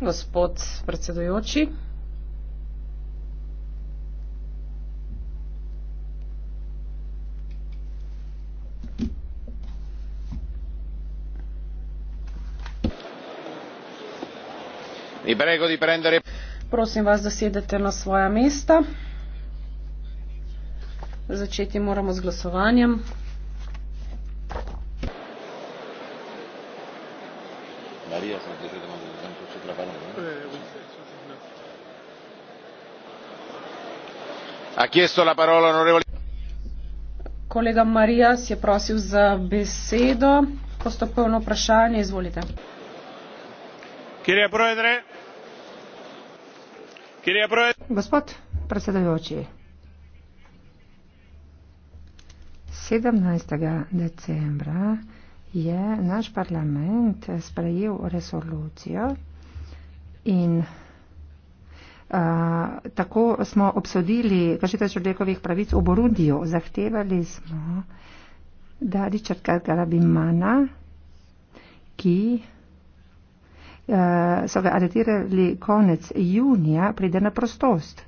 gospod predsedujoči. Prosim vas, da sedete na svoja mesta. Začeti moramo z glasovanjem. kolega marias je prosil za besedo postopkovno vprašanje izvolite gospod predsedujoči sedemnajst decembra je naš parlament sprejel resolucijo in Eh, tako smo obsodili kršitev človekovih pravic v Borudiju. Zahtevali smo, da Richard Karabimana, ki eh, so ga aretirali konec junija, pride na prostost.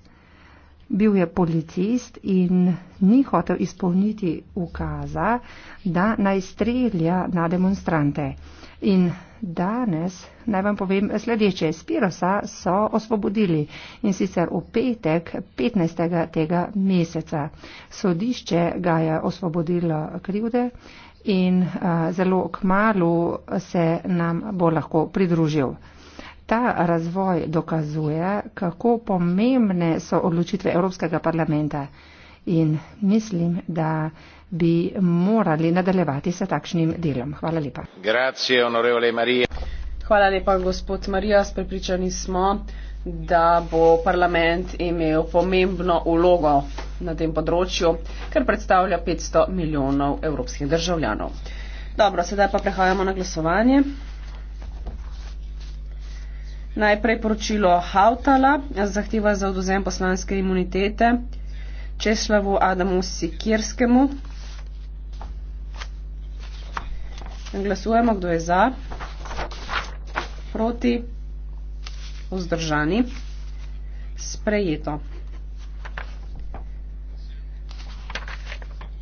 Bil je policist in ni hotel izpolniti ukaza, da naj strelja na demonstrante. Uh, In danes naj vam povem sledeče. Spirosa so osvobodili in sicer v petek 15. tega meseca. Sodišče ga je osvobodilo krivde in uh, zelo kmalo se nam bo lahko pridružil. Ta razvoj dokazuje, kako pomembne so odločitve Evropskega parlamenta in mislim, da bi morali nadaljevati s takšnim delom. Hvala lepa. Grazie, Hvala lepa, gospod Marijas. Pripričani smo, da bo parlament imel pomembno ulogo na tem področju, ker predstavlja 500 milijonov evropskih državljanov. Dobro, sedaj pa prehajamo na glasovanje. Najprej poročilo Hautala, zahteva za oduzem poslanske imunitete Česlavu Adamu Sikirskemu, Glasujemo, kdo je za, proti, vzdržani. Sprejeto.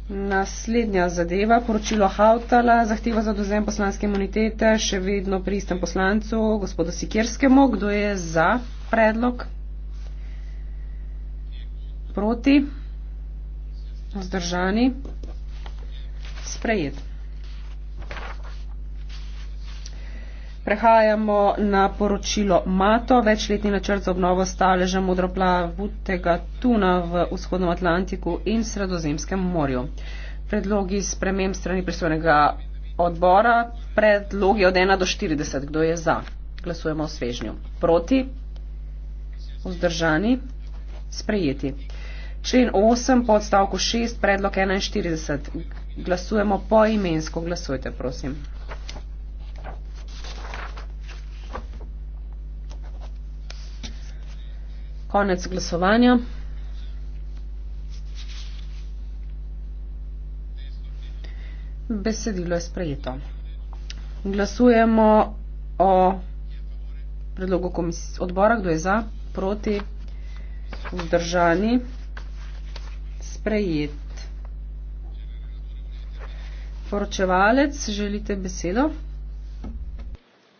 Naslednja zadeva, poročilo Hautala, zahteva za dozem poslanske imunitete, še vedno pri istem poslancu, gospodu Sikerskemu, kdo je za predlog, proti, vzdržani, sprejeto. Prehajamo na poročilo Mato, večletni načrt za obnovo staleža modroplavutega tuna v vzhodnem Atlantiku in sredozemskem morju. Predlogi sprememb strani pristojnega odbora, predlogi od 1 do 40, kdo je za. Glasujemo o svežnju. Proti, vzdržani, sprejeti. Člen 8 po odstavku 6, predlog 41. Glasujemo po imensko, glasujte prosim. Konec glasovanja. Besedilo je sprejeto. Glasujemo o predlogu odbora, kdo je za, proti, vzdržani, sprejet. Poročevalec, želite besedo?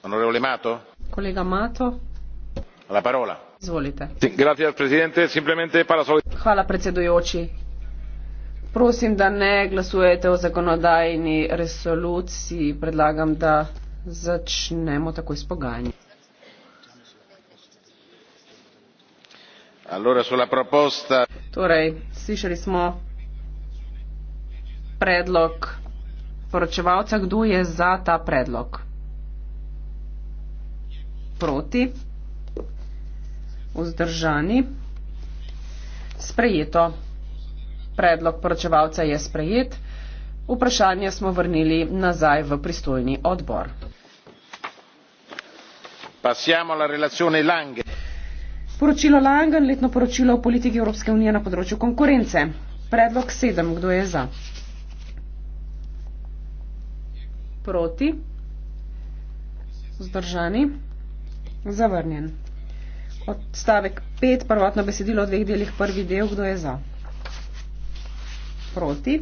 Onorevole Mato? Kolega Mato? La parola. Hvala predsedujoči. Prosim, da ne glasujete o zakonodajni resoluciji. Predlagam, da začnemo takoj s pogajanji. Torej, slišali smo predlog poročevalca. Kdo je za ta predlog? Proti vzdržani. Sprejeto. Predlog poročevalca je sprejet. Vprašanje smo vrnili nazaj v pristojni odbor. Poročilo Langen, letno poročilo o politiki Evropske unije na področju konkurence. Predlog sedem, kdo je za? Proti? Zdržani? Zavrnjen. Odstavek 5, prvotno besedilo v dveh delih, prvi del, kdo je za? Proti,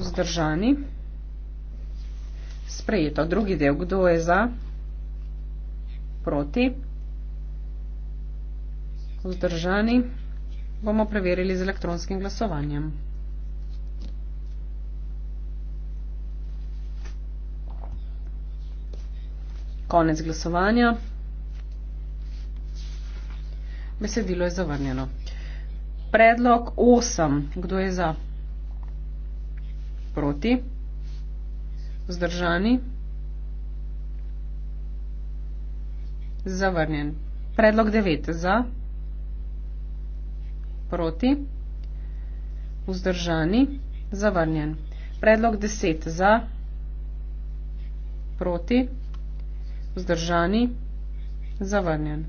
vzdržani, sprejeto. Drugi del, kdo je za? Proti, vzdržani, bomo preverili z elektronskim glasovanjem. Konec glasovanja. Besedilo je zavrnjeno. Predlog 8. Kdo je za? Proti? Zdržani? Zavrnjen. Predlog 9. Za? Proti? Vzdržani? Zavrnjen. Predlog 10. Za? Proti? Vzdržani? Zavrnjen.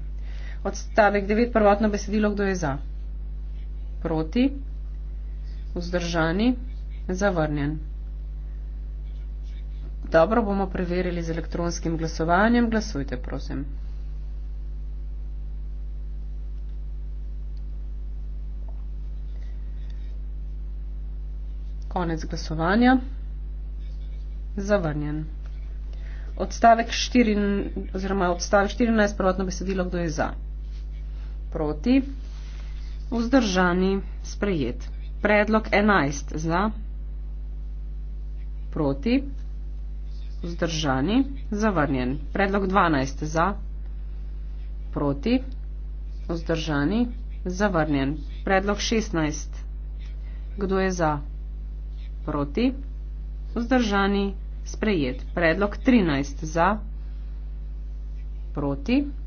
Odstavek 9, prvotno besedilo, kdo je za? Proti, vzdržani, zavrnjen. Dobro bomo preverili z elektronskim glasovanjem. Glasujte, prosim. Konec glasovanja. Zavrnjen. Odstavek, 4, odstavek 14, prvotno besedilo, kdo je za? proti, vzdržani, sprejet. Predlog 11 za, proti, vzdržani, zavrnjen. Predlog 12 za, proti, vzdržani, zavrnjen. Predlog 16, kdo je za, proti, vzdržani, sprejet. Predlog 13 za, proti, vzdržani, sprejet.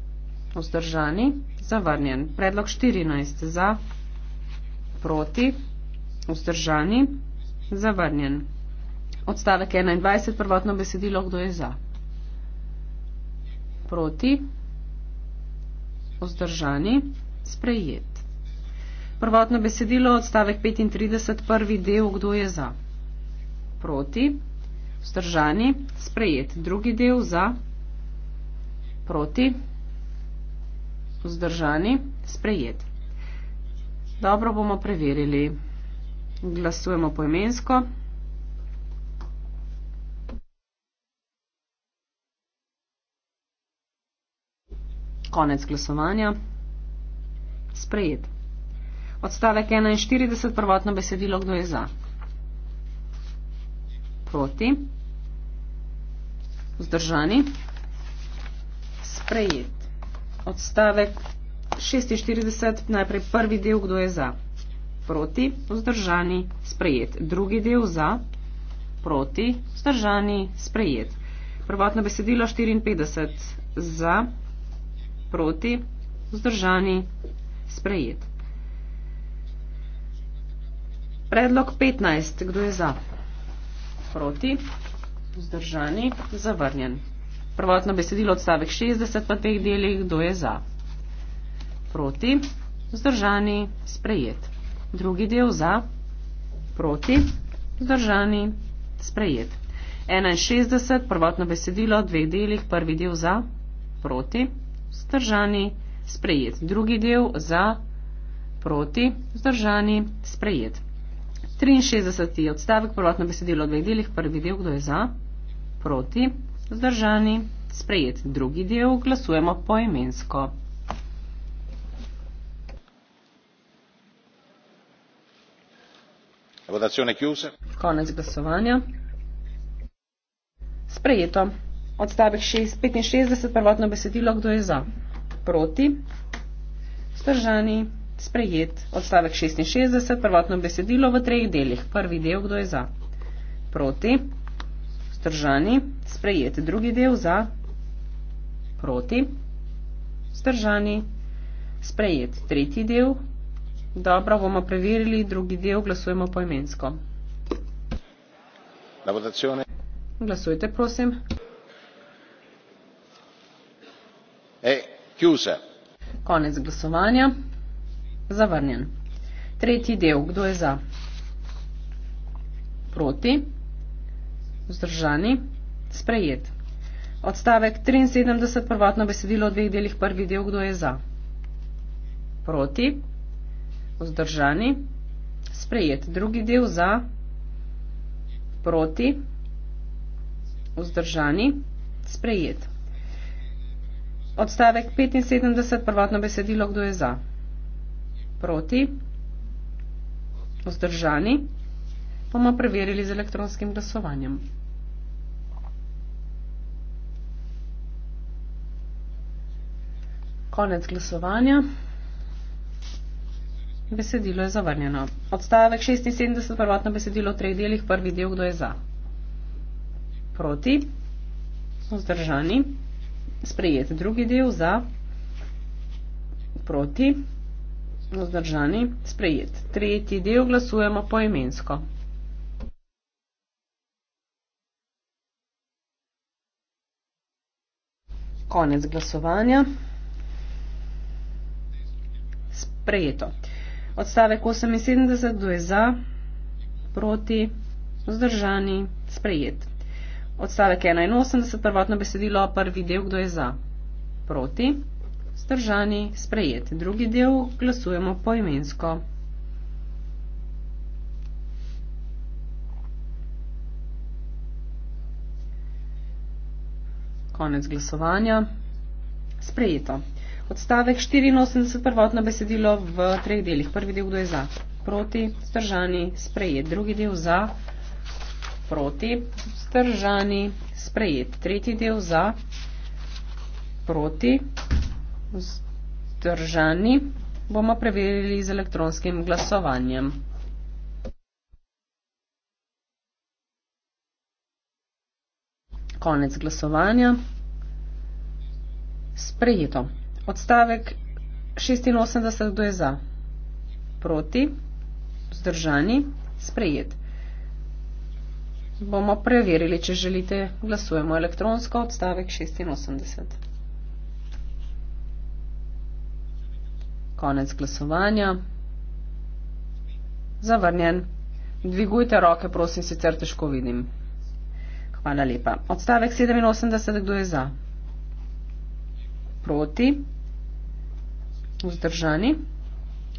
Vzdržani. Zavrnjen. Predlog 14. Za. Proti. Vzdržani. Zavrnjen. Odstavek 21. Prvotno besedilo. Kdo je za? Proti. Vzdržani. Sprejet. Prvotno besedilo. Odstavek 35. Prvi del. Kdo je za? Proti. Vzdržani. Sprejet. Drugi del. Za. Proti. Vzdržani vzdržani, sprejet. Dobro bomo preverili. Glasujemo poimensko. Konec glasovanja. Sprejet. Odstavek 41, prvotno besedilo, kdo je za? Proti. Vzdržani. Sprejet odstavek 46, najprej prvi del, kdo je za, proti, vzdržani, sprejet. Drugi del za, proti, vzdržani, sprejet. Prvotno besedilo 54, za, proti, vzdržani, sprejet. Predlog 15, kdo je za, proti, vzdržani, zavrnjen. Prvotno besedilo odstavek 60 v teh delih, kdo je za? Proti, zdržani, sprejet. Drugi del za, proti, zdržani, sprejet. 61, prvotno besedilo, dveh delih, prvi del za, proti, zdržani, sprejet. Drugi del za, proti, zdržani, sprejet. 63. odstavek, prvotno besedilo, dveh delih, prvi del, kdo je za, proti, Zdržani. Sprejet drugi del. Glasujemo poimensko. Votazione chiusa. Konec glasovanja. Sprejeto. Odstavek 65, prvotno besedilo, kdo je za? Proti. Zdržani. Sprejet. Odstavek 66, prvotno besedilo v treh delih. Prvi del, kdo je za? Proti vzdržani, sprejeti drugi del za proti, vzdržani, sprejeti tretji del. Dobro, bomo preverili drugi del, glasujemo poimensko. La votazione. Glasujte, prosim. E chiusa. Konec glasovanja. Zavrnjen. Tretji del. Kdo je za? Proti vzdržani, sprejet. Odstavek 73, prvotno besedilo v dveh delih, prvi del, kdo je za? Proti, vzdržani, sprejet. Drugi del za, proti, vzdržani, sprejet. Odstavek 75, prvotno besedilo, kdo je za? Proti, vzdržani, sprejet bomo preverili z elektronskim glasovanjem. Konec glasovanja. Besedilo je zavrnjeno. Odstavek 76, prvotno besedilo v treh delih, prvi del, kdo je za. Proti, vzdržani, sprejet drugi del, za, proti, vzdržani, sprejet tretji del, glasujemo poimensko. imensko. konec glasovanja. Sprejeto. Odstavek 78, kdo je za, proti, vzdržani, sprejet. Odstavek 81, prvotno besedilo, prvi del, kdo je za, proti, vzdržani, sprejet. Drugi del glasujemo poimensko. imensko. Konec glasovanja. Sprejeto. Odstavek 84, prvotno besedilo v treh delih. Prvi del, kdo je za? Proti, stržani, sprejet. Drugi del za, proti, stržani, sprejet. Tretji del za, proti, stržani. Bomo preverili z elektronskim glasovanjem. konec glasovanja. Sprejeto. Odstavek 86, kdo je za? Proti, zdržani, sprejet. Bomo preverili, če želite, glasujemo elektronsko, odstavek 86. Konec glasovanja. Zavrnjen. Dvigujte roke, prosim, sicer težko vidim. Hvala lepa. Odstavek 87, kdo je za? Proti? Vzdržani?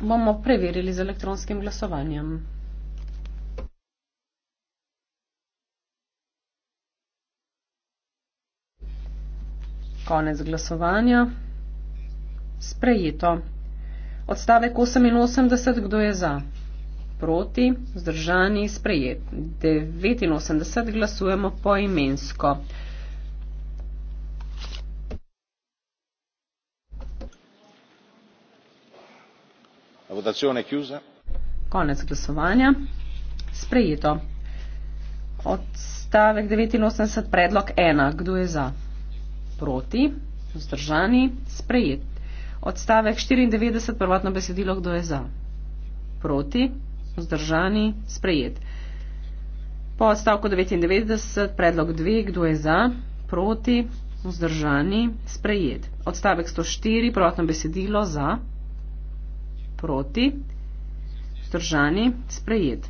Bomo preverili z elektronskim glasovanjem. Konec glasovanja. Sprejeto. Odstavek 88, kdo je za? Proti? proti, vzdržani, sprejet. 89 glasujemo poimensko. Votacione chiusa. Konec glasovanja. Sprejeto. Odstavek 89, predlog 1. Kdo je za? Proti, vzdržani, sprejet. Odstavek 94, prvotno besedilo, kdo je za? Proti, vzdržani, sprejet. Po odstavku 99 predlog 2, kdo je za, proti, vzdržani, sprejet. Odstavek 104, prvotno besedilo za, proti, vzdržani, sprejet.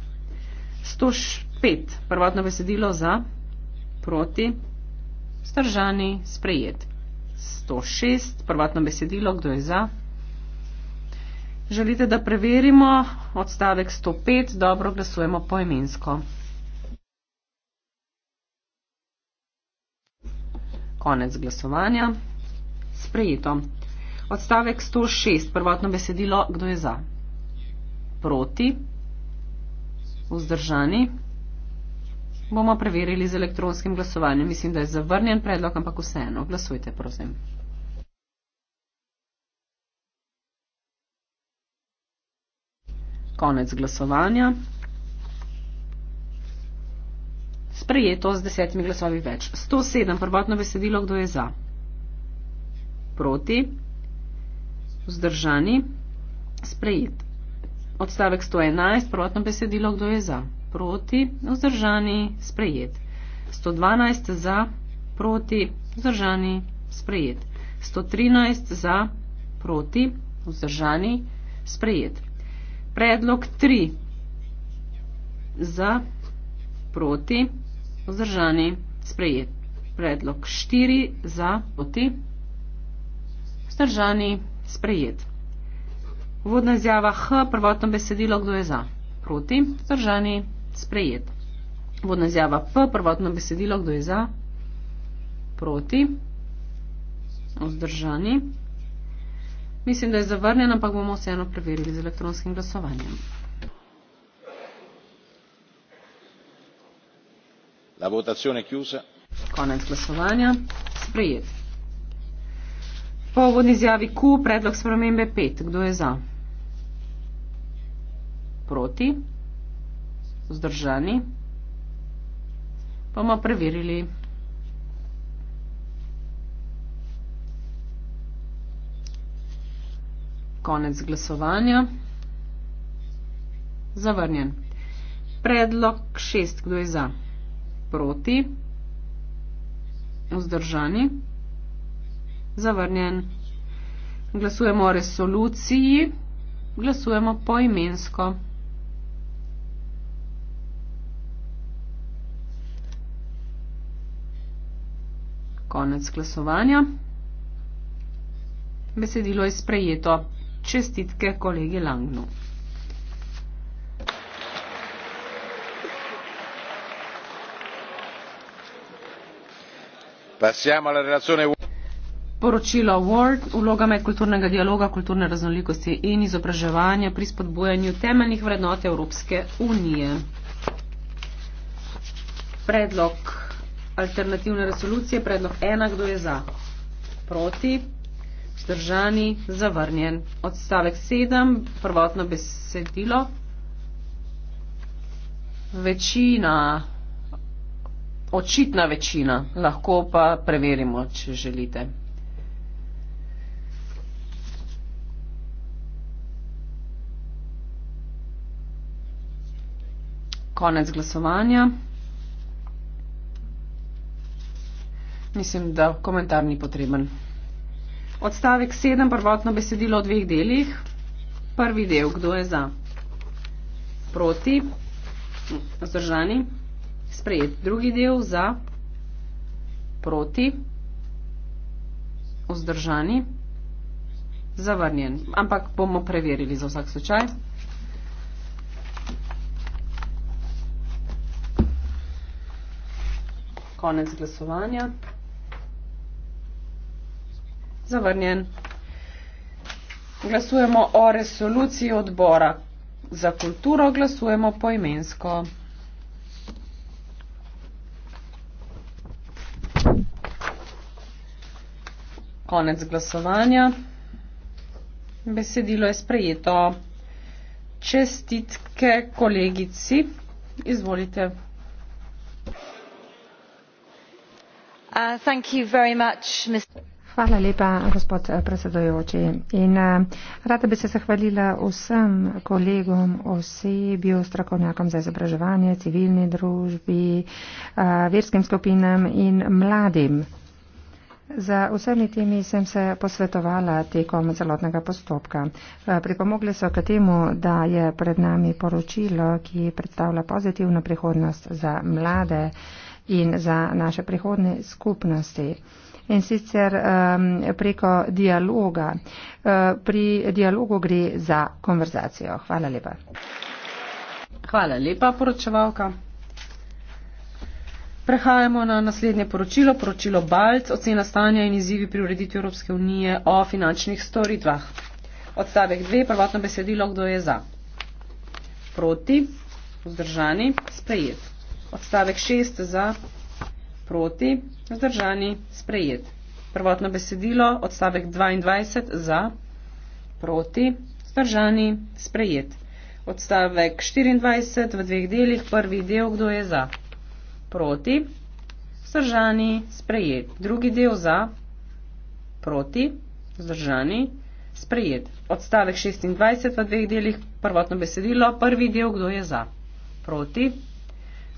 105, prvotno besedilo za, proti, vzdržani, sprejet. 106, prvotno besedilo, kdo je za, proti. Želite, da preverimo odstavek 105, dobro glasujemo poimensko. Konec glasovanja. Sprejeto. Odstavek 106, prvotno besedilo, kdo je za? Proti? Vzdržani? Bomo preverili z elektronskim glasovanjem. Mislim, da je zavrnjen predlog, ampak vseeno. Glasujte, prosim. Konec glasovanja. Sprejeto z desetimi glasovi več. 107 prvotno besedilo, kdo je za? Proti? Vzdržani? Sprejet. Odstavek 111 prvotno besedilo, kdo je za? Proti? Vzdržani? Sprejet. 112 za? Proti? Vzdržani? Sprejet. 113 za? Proti? Vzdržani? Sprejet predlog 3 za proti vzdržani sprejet. Predlog 4 za proti vzdržani sprejet. Vodna izjava H, prvotno besedilo, kdo je za? Proti vzdržani sprejet. Vodna izjava P, prvotno besedilo, kdo je za? Proti vzdržani sprejet. Mislim, da je zavrnjen, ampak bomo vseeno preverili z elektronskim glasovanjem. La votazione chiusa. Konec glasovanja. Sprejet. Po uvodni izjavi Q predlog spremembe 5. Kdo je za? Proti? Vzdržani? Pa bomo preverili Konec glasovanja. Zavrnjen. Predlog šest. Kdo je za? Proti. Vzdržani. Zavrnjen. Glasujemo o resoluciji. Glasujemo poimensko. Konec glasovanja. Besedilo je sprejeto čestitke kolegi Langnu. Poročilo World, vloga med kulturnega dialoga, kulturne raznolikosti in izobraževanja pri spodbujanju temeljnih vrednot Evropske unije. Predlog alternativne resolucije, predlog ena, kdo je za? Proti? Vzdržani, zavrnjen. Odstavek 7, prvotno besedilo. Večina, očitna večina, lahko pa preverimo, če želite. Konec glasovanja. Mislim, da komentar ni potreben. Odstavek 7, prvotno besedilo v dveh delih. Prvi del, kdo je za? Proti? Zdržani? Sprejet. Drugi del za? Proti? Vzdržani? Zavrnjen. Ampak bomo preverili za vsak slučaj. Konec glasovanja. Zavrnjen. Glasujemo o resoluciji odbora. Za kulturo glasujemo poimensko. Konec glasovanja. Besedilo je sprejeto. Čestitke kolegici. Izvolite. Uh, thank you very much, Mr. Hvala lepa, gospod eh, predsedojoči. In eh, rada bi se zahvalila vsem kolegom, osebju, strokovnjakom za izobraževanje, civilni družbi, eh, verskim skupinam in mladim. Za vsemi temi sem se posvetovala tekom celotnega postopka. Pripomogli so k temu, da je pred nami poročilo, ki predstavlja pozitivno prihodnost za mlade in za naše prihodne skupnosti. Uh, in sicer um, preko dialoga. Uh, pri dialogu gre za konverzacijo. Hvala lepa. Hvala lepa, poročevalka. Prehajamo na naslednje poročilo, poročilo BALC, ocena stanja in izzivi pri ureditvi Evropske unije o finančnih storitvah. Odstavek 2, prvotno besedilo, kdo je za. Proti, vzdržani, sprejet. Odstavek 6 za, proti, vzdržani, sprejet. Prvotno besedilo, odstavek 22, za, proti, vzdržani, sprejet. Odstavek 24 v dveh delih, prvi del, kdo je za, proti, vzdržani, sprejet. Drugi del za, proti, vzdržani, sprejet. Odstavek 26 v dveh delih, prvotno besedilo, prvi del, kdo je za, proti,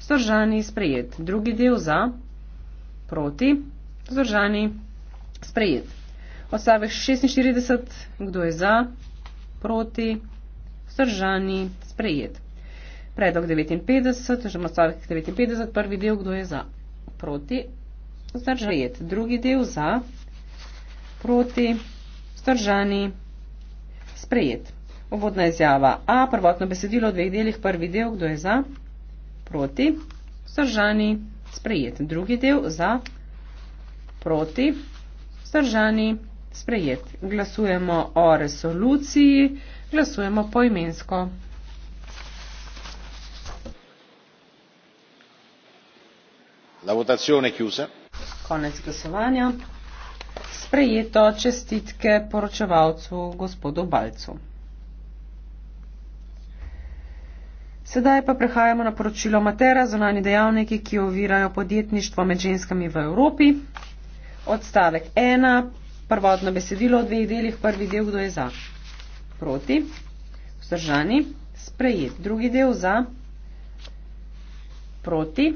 vzdržani, sprejet. Drugi del za, proti proti, vzdržani, sprejet. Odstavek 46, kdo je za, proti, vzdržani, sprejet. Predlog 59, oziroma odstavek 59, prvi del, kdo je za, proti, vzdržajet. Drugi del za, proti, vzdržani, sprejet. Uvodna izjava A, prvotno besedilo v dveh delih, prvi del, kdo je za, proti, vzdržani, sprejet sprejet. Drugi del za, proti, zdržani, sprejet. Glasujemo o resoluciji, glasujemo poimensko. La votazione chiusa. Konec glasovanja. Sprejeto čestitke poročevalcu gospodu Balcu. Sedaj pa prehajamo na poročilo Matera, zonani dejavniki, ki ovirajo podjetništvo med ženskami v Evropi. Odstavek 1, prvotno besedilo v dveh delih, prvi del, kdo je za? Proti, vzdržani, sprejet. Drugi del za, proti,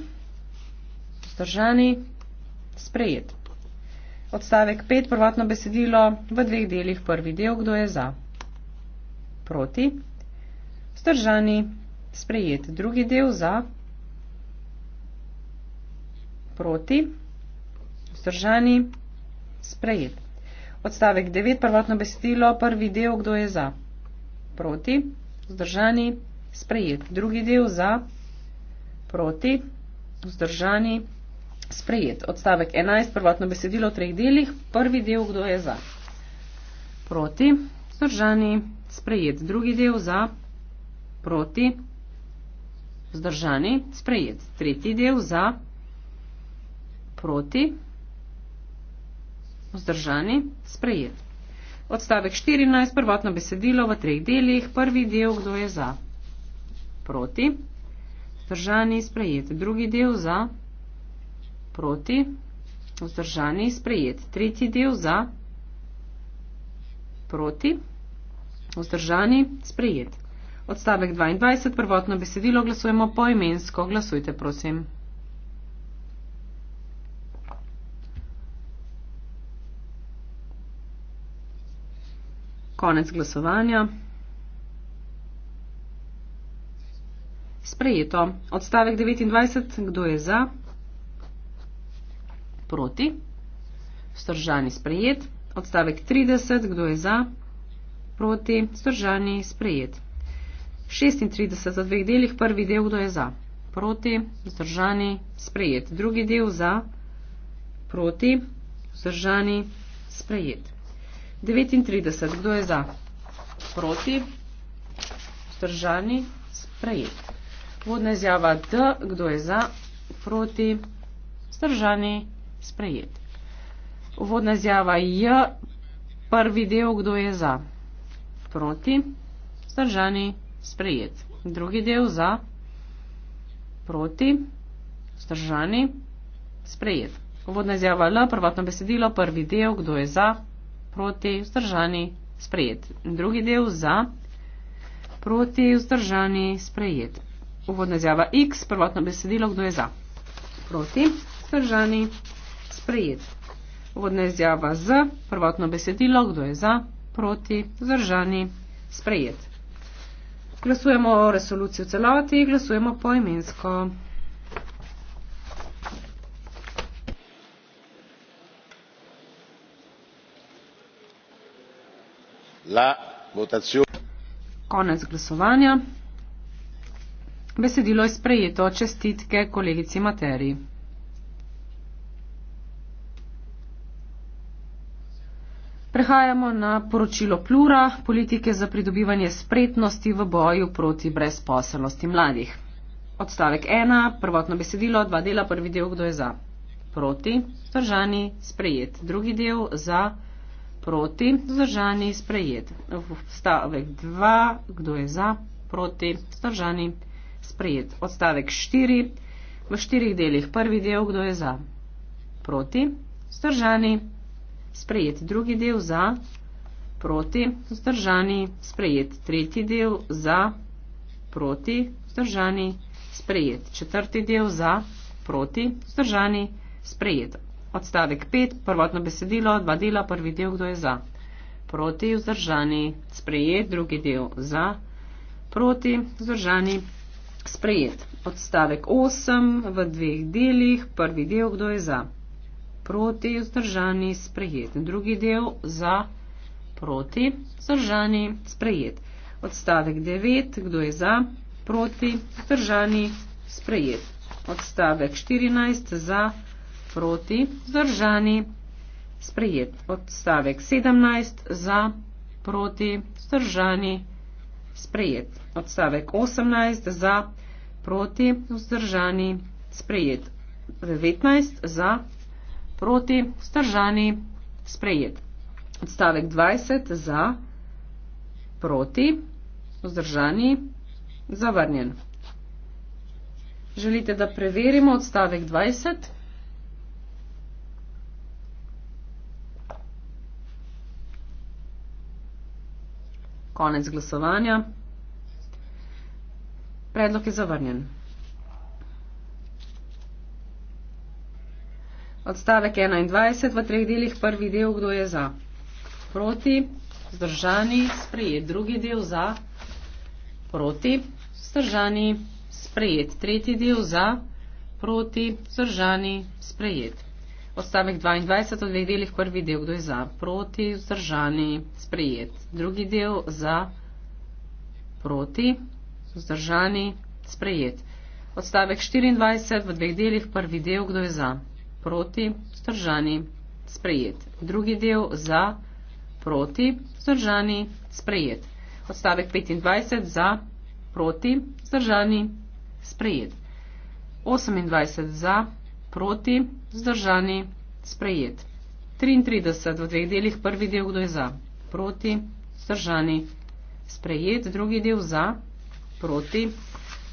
vzdržani, sprejet. Odstavek 5, prvotno besedilo v dveh delih, prvi del, kdo je za? Proti, vzdržani, sprejet sprejet. Drugi del za proti, vzdržani, sprejet. Odstavek 9, prvotno besedilo, prvi del, kdo je za proti, vzdržani, sprejet. Drugi del za proti, vzdržani, sprejet. Odstavek 11, prvotno besedilo v treh delih, prvi del, kdo je za proti, vzdržani, sprejet. Drugi del za proti, vzdržani, sprejet. Tretji del za proti, vzdržani, sprejet. Odstavek 14, prvotno besedilo v treh delih. Prvi del, kdo je za proti, vzdržani, sprejet. Drugi del za proti, vzdržani, sprejet. Tretji del za proti, vzdržani, sprejet. Odstavek 22, prvotno besedilo, glasujemo poimensko. Glasujte, prosim. Konec glasovanja. Sprejeto. Odstavek 29, kdo je za? Proti. Stržani sprejet. Odstavek 30, kdo je za? Proti. Stržani sprejet. 36 v dveh delih, prvi del, kdo je za, proti, vzdržani, sprejet. Drugi del za, proti, vzdržani, sprejet. 39, kdo je za, proti, vzdržani, sprejet. Vodna izjava D, kdo je za, proti, vzdržani, sprejet. Vodna izjava J, prvi del, kdo je za, proti, vzdržani, sprejet sprejet. Drugi del za proti, vzdržani, sprejet. Uvodna izjava L, prvotno besedilo, prvi del, kdo je za, proti, vzdržani, sprejet. Drugi del za proti, vzdržani, sprejet. Uvodna izjava X, prvotno besedilo, kdo je za, proti, vzdržani, sprejet. Uvodna izjava Z, prvotno besedilo, kdo je za, proti, vzdržani, sprejet. Glasujemo o resoluciji v celoti, glasujemo po imensko. La votacijo. Konec glasovanja. Besedilo je sprejeto. Čestitke kolegici Materi. Prehajamo na poročilo Plura, politike za pridobivanje spretnosti v boju proti brezposelnosti mladih. Odstavek 1, prvotno besedilo, dva dela, prvi del, kdo je za? Proti, zdržani, sprejet. Drugi del, za, proti, zdržani, sprejet. Odstavek 2, kdo je za? Proti, zdržani, sprejet. Odstavek 4, v štirih delih, prvi del, kdo je za? Proti, zdržani, sprejet sprejet drugi del za, proti, vzdržani, sprejet tretji del za, proti, vzdržani, sprejet četrti del za, proti, vzdržani, sprejet. Odstavek 5, prvotno besedilo, dva dela, prvi del, kdo je za. Proti, vzdržani, sprejet, drugi del za, proti, vzdržani, sprejet. Odstavek 8 v dveh delih, prvi del, kdo je za proti, vzdržani, sprejet. Drugi del za, proti, vzdržani, sprejet. Odstavek 9, kdo je za, proti, vzdržani, sprejet. Odstavek 14, za, proti, vzdržani, sprejet. Odstavek 17, za, proti, vzdržani, sprejet. Odstavek 18, za, proti, vzdržani, sprejet. 19 za proti, vzdržani, sprejet. Odstavek 20 za, proti, vzdržani, zavrnjen. Želite, da preverimo odstavek 20? Konec glasovanja. Predlog je zavrnjen. Odstavek 21 v treh delih, prvi del, kdo je za. Proti, zdržani, sprejet. Drugi del za, proti, zdržani, sprejet. Tretji del za, proti, zdržani, sprejet. Odstavek 22 v dveh delih, prvi del, kdo je za. Proti, zdržani, sprejet. Drugi del za, proti, zdržani, sprejet. Odstavek 24 v dveh delih, prvi del, kdo je za proti, vzdržani, sprejet. Drugi del za, proti, vzdržani, sprejet. Odstavek 25 za, proti, vzdržani, sprejet. 28 za, proti, vzdržani, sprejet. 33 v dveh delih, prvi del, kdo je za, proti, vzdržani, sprejet. Drugi del za, proti,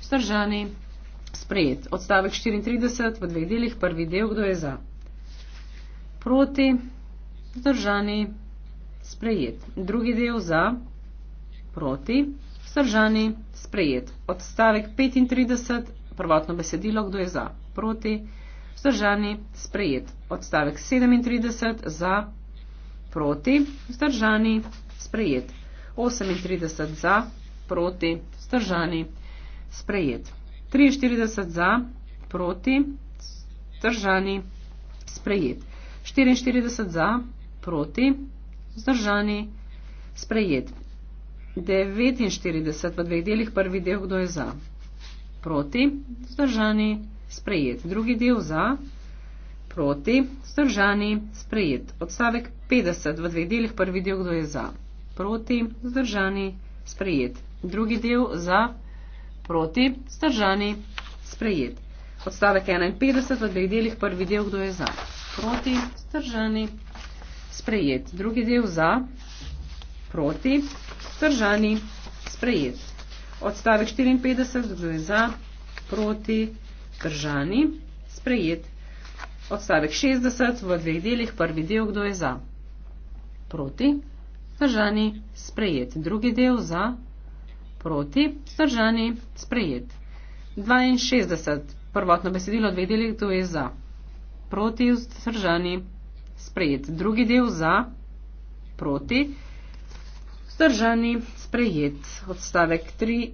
vzdržani, sprejet sprejet. Odstavek 34 v dveh delih, prvi del, kdo je za? Proti, vzdržani, sprejet. Drugi del za, proti, vzdržani, sprejet. Odstavek 35, prvotno besedilo, kdo je za? Proti, vzdržani, sprejet. Odstavek 37, za, proti, vzdržani, sprejet. 38 za, proti, vzdržani, sprejet. 43 za, proti, zdržani, sprejet. 44 za, proti, zdržani, sprejet. 49 v dveh delih, prvi del, kdo je za, proti, zdržani, sprejet. Drugi del za, proti, zdržani, sprejet. Odstavek 50 v dveh delih, prvi del, kdo je za, proti, zdržani, sprejet. Drugi del za, proti, zdržani, sprejet. Proti, stržani, sprejet. Odstavek 51 v dveh delih, prvi del, kdo je za. Proti, stržani, sprejet. Drugi del za, proti, stržani, sprejet. Odstavek 54, kdo je za, proti, stržani, sprejet. Odstavek 60 v dveh delih, prvi del, kdo je za. Proti, stržani, sprejet. Drugi del za, proti proti, vzdržani, sprejet. 62. Prvotno besedilo dveh delitev je za, proti, vzdržani, sprejet. Drugi del za, proti, vzdržani, sprejet. Odstavek 3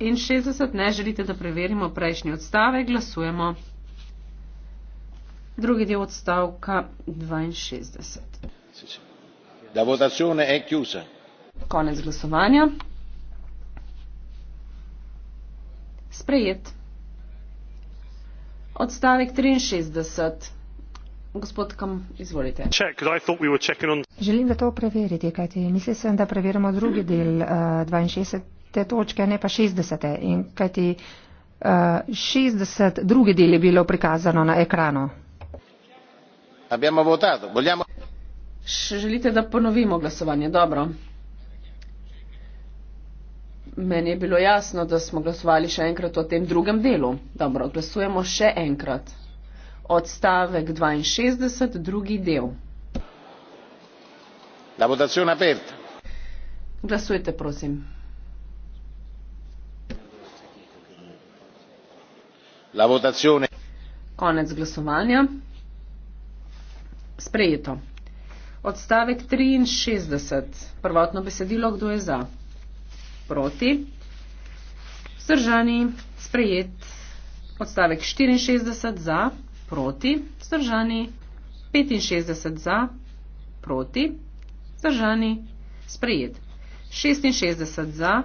in 60. Ne želite, da preverimo prejšnji odstavek, glasujemo. Drugi del odstavka 62. Da votacione è chiusa. Konec glasovanja. sprejet. Odstavek 63. Gospod Kam, izvolite. Check, we were on... Želim, da to preverite, kajti mislil sem, da preverimo drugi del uh, eh, 62. točke, ne pa 60. In kajti uh, eh, 60. drugi del je bilo prikazano na ekranu. Želite, da ponovimo glasovanje? Dobro meni je bilo jasno, da smo glasovali še enkrat o tem drugem delu. Dobro, glasujemo še enkrat. Odstavek 62, drugi del. La votazione aperta. Glasujte, prosim. La votazione. Konec glasovanja. Sprejeto. Odstavek 63. Prvotno besedilo, kdo je za? proti. Vzdržani sprejet odstavek 64 za, proti. Vzdržani 65 za, proti. Vzdržani sprejet 66 za,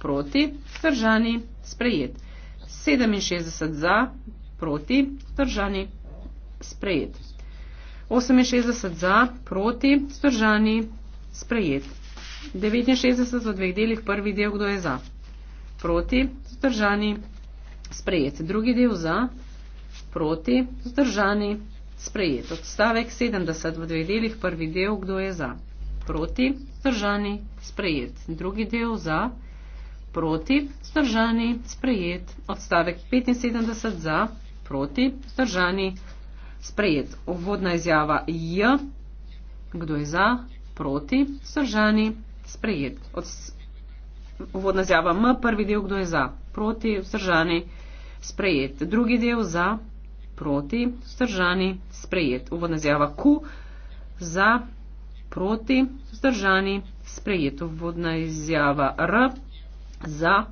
proti. Vzdržani sprejet 67 za, proti. Vzdržani sprejet 68 za, proti. Vzdržani sprejet. 69 v dveh delih, prvi del, kdo je za, proti, zdržani, sprejet. Drugi del za, proti, zdržani, sprejet. Odstavek 70 v dveh delih, prvi del, kdo je za, proti, zdržani, sprejet. Drugi del za, proti, zdržani, sprejet. Odstavek 75 za, proti, zdržani, sprejet. Uvodna izjava J, kdo je za, proti, zdržani, sprejet sprejet. Od, uvodna zjava M, prvi del, kdo je za, proti, vzdržani, sprejet. Drugi del, za, proti, vzdržani, sprejet. Uvodna zjava Q, za, proti, vzdržani, sprejet. Uvodna zjava R, za,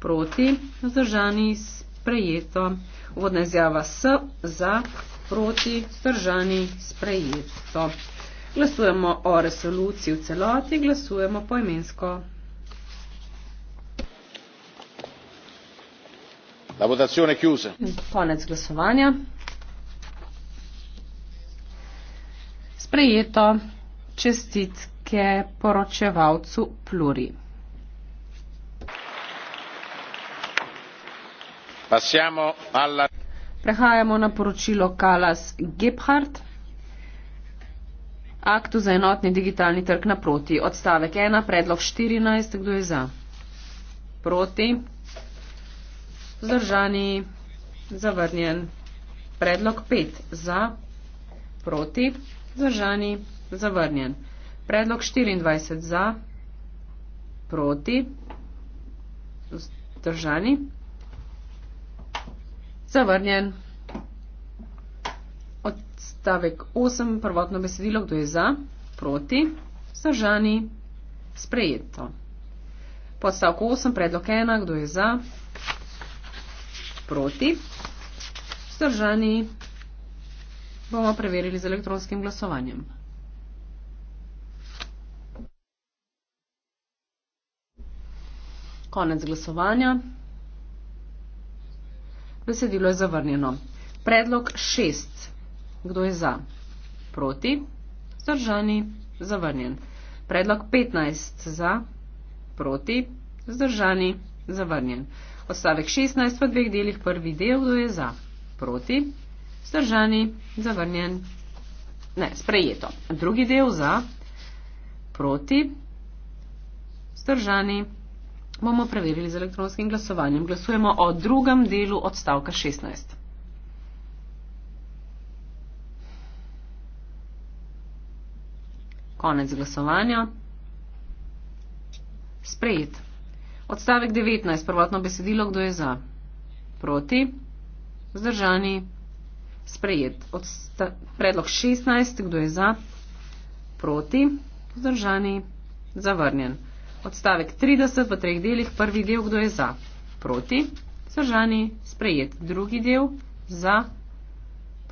proti, vzdržani, sprejeto. Uvodna zjava S, za, proti, vzdržani, sprejeto. Glasujemo o resoluciji v celoti, glasujemo poimensko. La votazione chiusa. Konec glasovanja. Sprejeto čestitke poročevalcu Pluri. Passiamo alla... Prehajamo na poročilo Kalas Gebhardt aktu za enotni digitalni trg naproti. Odstavek 1, predlog 14, kdo je za? Proti. Zdržani, zavrnjen. Predlog 5, za. Proti. Zdržani, zavrnjen. Predlog 24, za. Proti. Zdržani. Zavrnjen stavek 8, prvotno besedilo, kdo je za, proti, vzdržani, sprejeto. Podstavek 8, predlog 1, kdo je za, proti, vzdržani, bomo preverili z elektronskim glasovanjem. Konec glasovanja. Besedilo je zavrnjeno. Predlog 6. Kdo je za? Proti? Zdržani? Zavrnjen. Predlog 15 za? Proti? Zdržani? Zavrnjen. Odstavek 16 v dveh delih prvi del, kdo je za? Proti? Zdržani? Zavrnjen. Ne, sprejeto. Drugi del za? Proti? Zdržani? Bomo preverili z elektronskim glasovanjem. Glasujemo o drugem delu odstavka 16. Konec glasovanja. Sprejet. Odstavek 19. Prvotno besedilo. Kdo je za? Proti. Zdržani. Sprejet. Odsta predlog 16. Kdo je za? Proti. Zdržani. Zavrnjen. Odstavek 30 v treh delih. Prvi del. Kdo je za? Proti. Zdržani. Sprejet. Drugi del. Za.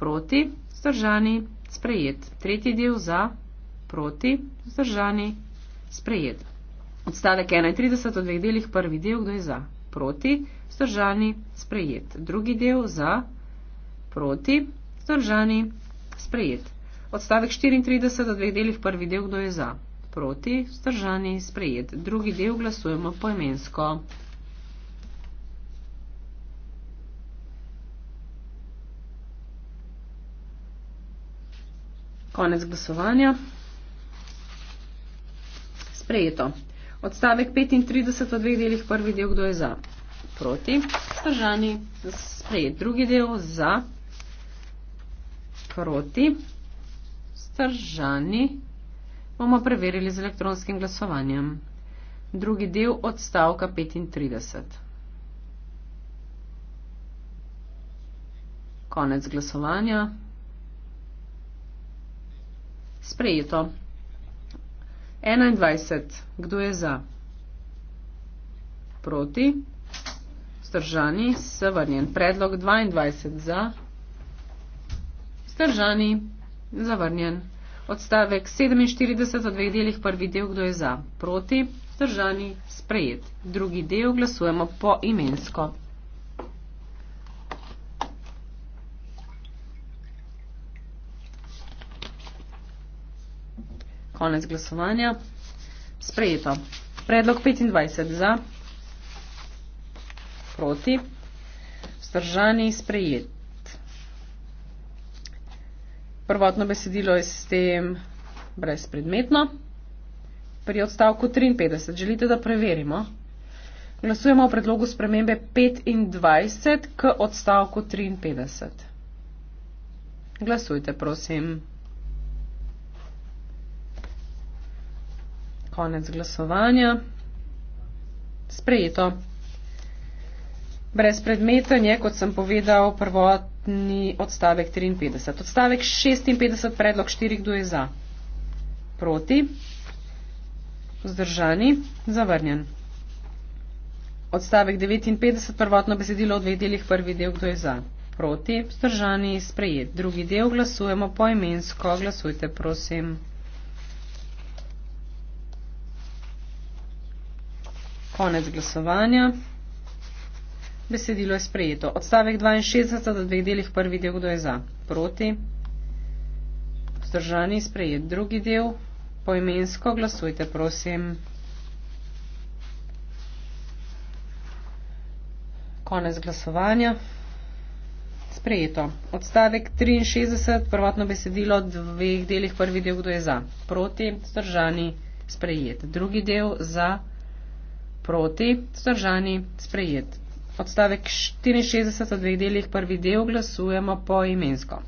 Proti. Zdržani. Sprejet. Tretji del. Za proti, vzdržani, sprejet. Odstavek 31 v dveh delih, prvi del, kdo je za, proti, vzdržani, sprejet. Drugi del, za, proti, vzdržani, sprejet. Odstavek 34 v dveh delih, prvi del, kdo je za, proti, vzdržani, sprejet. Drugi del, glasujemo poemensko. Konec glasovanja. Sprejeto. Odstavek 35 v dveh delih. Prvi del, kdo je za? Proti. Zdržani. Sprejet. Drugi del, za? Proti. Zdržani. Bomo preverili z elektronskim glasovanjem. Drugi del odstavka 35. Konec glasovanja. Sprejeto. 21. Kdo je za? Proti. Stržani, zavrnjen. Predlog 22. Za. Stržani, zavrnjen. Odstavek 47 v dveh delih. Prvi del, kdo je za? Proti. Stržani, sprejet. Drugi del glasujemo po imensko. konec glasovanja. Sprejeto. Predlog 25 za, proti, vzdržani sprejet. Prvotno besedilo je s tem brezpredmetno. Pri odstavku 53 želite, da preverimo. Glasujemo o predlogu spremembe 25 k odstavku 53. Glasujte, prosim. Konec glasovanja. Sprejeto. Brezpredmeten je, kot sem povedal, prvotni odstavek 53. Odstavek 56, predlog 4, kdo je za? Proti. Zdržani. Zavrnjen. Odstavek 59, prvotno besedilo v dveh delih, prvi del, kdo je za? Proti. Zdržani. Sprejet. Drugi del glasujemo poimensko. Glasujte, prosim. Konec glasovanja. Besedilo je sprejeto. Odstavek 62 za dveh delih prvi del, kdo je za. Proti. Zdržani sprejet drugi del. Poimensko glasujte, prosim. Konec glasovanja. Sprejeto. Odstavek 63, prvotno besedilo, dveh delih prvi del, kdo je za. Proti. Zdržani sprejet. Drugi del za proti, vzdržani, sprejet. Odstavek 64 v dveh delih, prvi del glasujemo po imensko.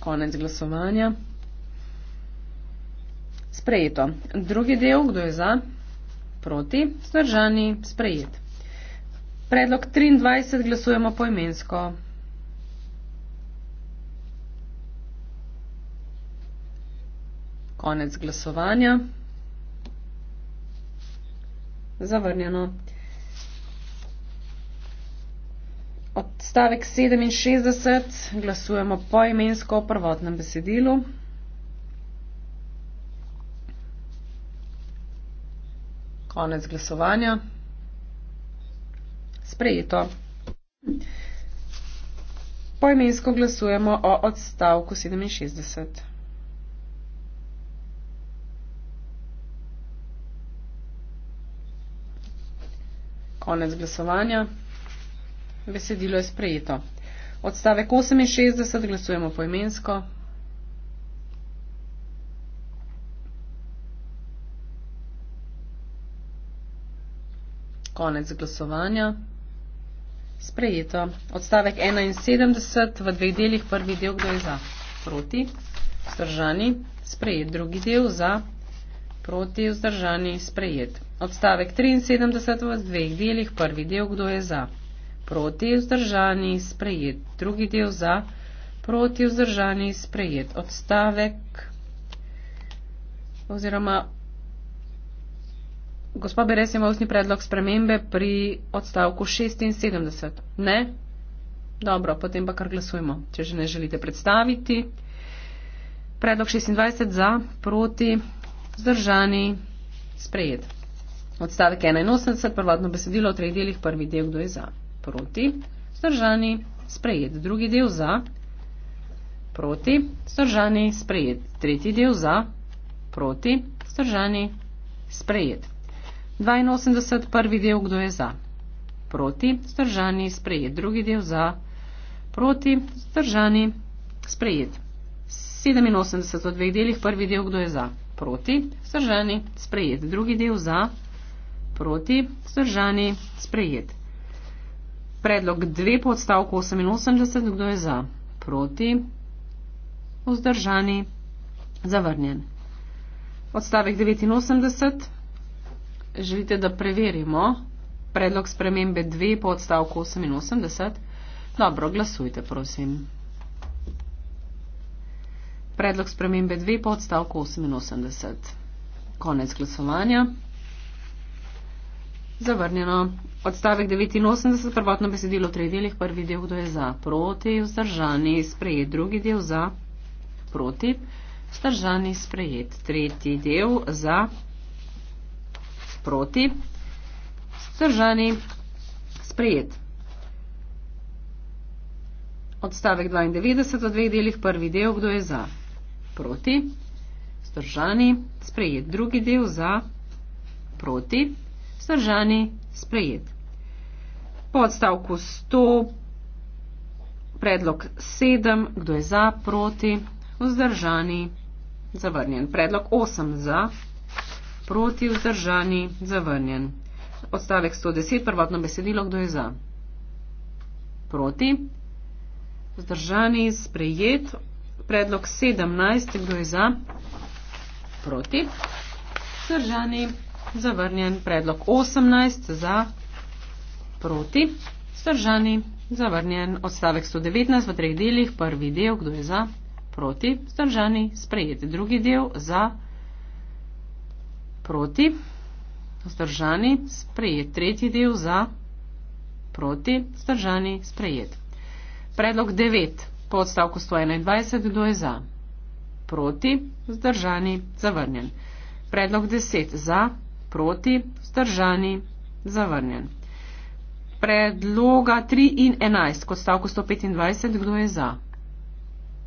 Konec glasovanja. Sprejeto. Drugi del, kdo je za, proti, vzdržani, sprejet. Predlog 23 glasujemo po imensko. Konec glasovanja. Zavrnjeno. Odstavek 67. Glasujemo poimensko o prvotnem besedilu. Konec glasovanja. Sprejeto. Poimensko glasujemo o odstavku 67. Konec glasovanja. Besedilo je sprejeto. Odstavek 68 glasujemo poimensko. Konec glasovanja. Sprejeto. Odstavek 71 v dveh delih. Prvi del, kdo je za? Proti. Stržani. Sprejet drugi del za proti vzdržani sprejet. Odstavek 73 v dveh delih, prvi del kdo je za, proti vzdržani sprejet, drugi del za, proti vzdržani sprejet. Odstavek oziroma gospod Beres ima ustni predlog spremembe pri odstavku 76. Ne? Dobro, potem pa kar glasujemo, če že ne želite predstaviti. Predlog 26 za, proti vzdržani, sprejet. Odstavek 81, prvotno besedilo v treh delih, prvi del, kdo je za, proti, vzdržani, sprejet. Drugi del za, proti, vzdržani, sprejet. Tretji del za, proti, vzdržani, sprejet. 82, prvi del, kdo je za, proti, vzdržani, sprejet. Drugi del za, proti, vzdržani, sprejet. 87 v dveh delih, prvi del, kdo je za proti, vzdržani, sprejet. Drugi del za, proti, vzdržani, sprejet. Predlog 2 po odstavku 88, kdo je za, proti, vzdržani, zavrnjen. Odstavek 89. Želite, da preverimo predlog spremembe 2 po odstavku 88? Dobro, glasujte, prosim. Predlog spremembe dve po odstavku 88. Konec glasovanja. Zavrnjeno. Odstavek 89, prvotno besedilo v treh delih, prvi del, kdo je za, proti, vzdržani, sprejet, drugi del za, proti, vzdržani, sprejet, tretji del za, proti, vzdržani, sprejet. Odstavek 92 v dveh delih, prvi del, kdo je za, proti, vzdržani, sprejet. Drugi del za proti, vzdržani, sprejet. Podstavku 100, predlog 7, kdo je za, proti, vzdržani, zavrnjen. Predlog 8 za, proti, vzdržani, zavrnjen. Odstavek 110, prvotno besedilo, kdo je za, proti, vzdržani, sprejet predlog 17, kdo je za, proti, zdržani, zavrnjen, predlog 18, za, proti, zdržani, zavrnjen, odstavek 119 v treh delih, prvi del, kdo je za, proti, zdržani, sprejeti drugi del, za, proti, zdržani, sprejeti tretji del, za, proti, zdržani, sprejeti. Predlog 9. Po odstavku 121, kdo je za? Proti, zdržani, zavrnjen. Predlog 10 za, proti, zdržani, zavrnjen. Predloga 3 in 11, kot stavko 125, kdo je za?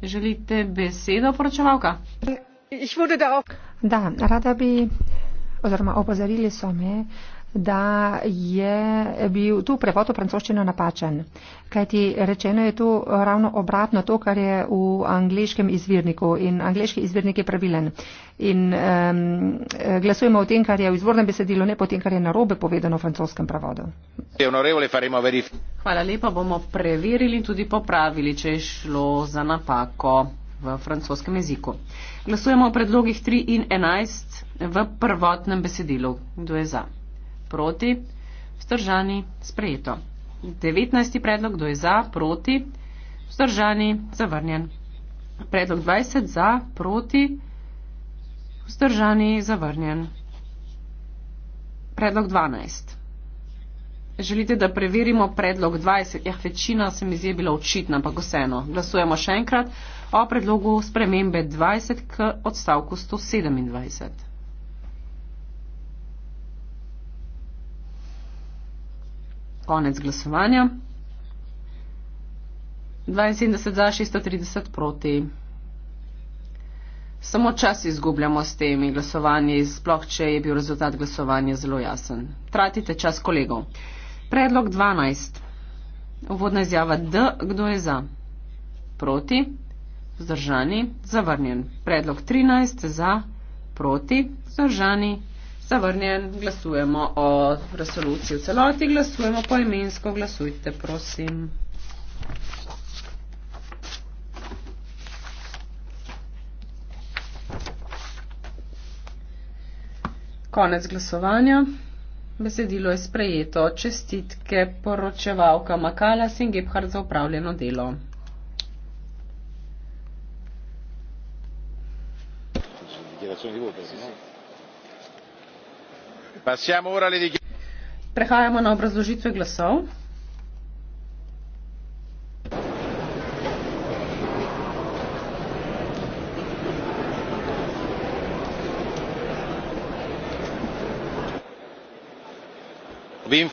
Želite besedo, poročevalka? Da, rada bi, oziroma opozorili so me, da je bil tu prevod v francoščino napačen. Kajti rečeno je tu ravno obratno to, kar je v angliškem izvirniku in angliški izvirnik je pravilen. In um, glasujemo o tem, kar je v izvornem besedilu, ne po tem, kar je narobe povedano v francoskem prevodu. Hvala lepa, bomo preverili in tudi popravili, če je šlo za napako v francoskem jeziku. Glasujemo o predlogih 3 in 11 v prvotnem besedilu. Kdo je za? proti, vzdržani, sprejeto. 19. predlog, kdo je za, proti, vzdržani, zavrnjen. Predlog 20 za, proti, vzdržani, zavrnjen. Predlog 12. Želite, da preverimo predlog 20? Ja, večina se mi zdi bila očitna, ampak vseeno. Glasujemo še enkrat o predlogu spremembe 20 k odstavku 127. Konec glasovanja. 72 za 630 proti. Samo čas izgubljamo s temi glasovanji, sploh če je bil rezultat glasovanja zelo jasen. Tratite čas kolegov. Predlog 12. Uvodna izjava D. Kdo je za? Proti. Zdržani. Zavrnjen. Predlog 13. Za. Proti. Zdržani zavrnjen. Glasujemo o resoluciji v celoti, glasujemo po imensko. Glasujte, prosim. Konec glasovanja. Besedilo je sprejeto. Čestitke poročevalka Makalas in Gebhard za upravljeno delo. Grazie a tutti prehajamo na obrazložitve glasov.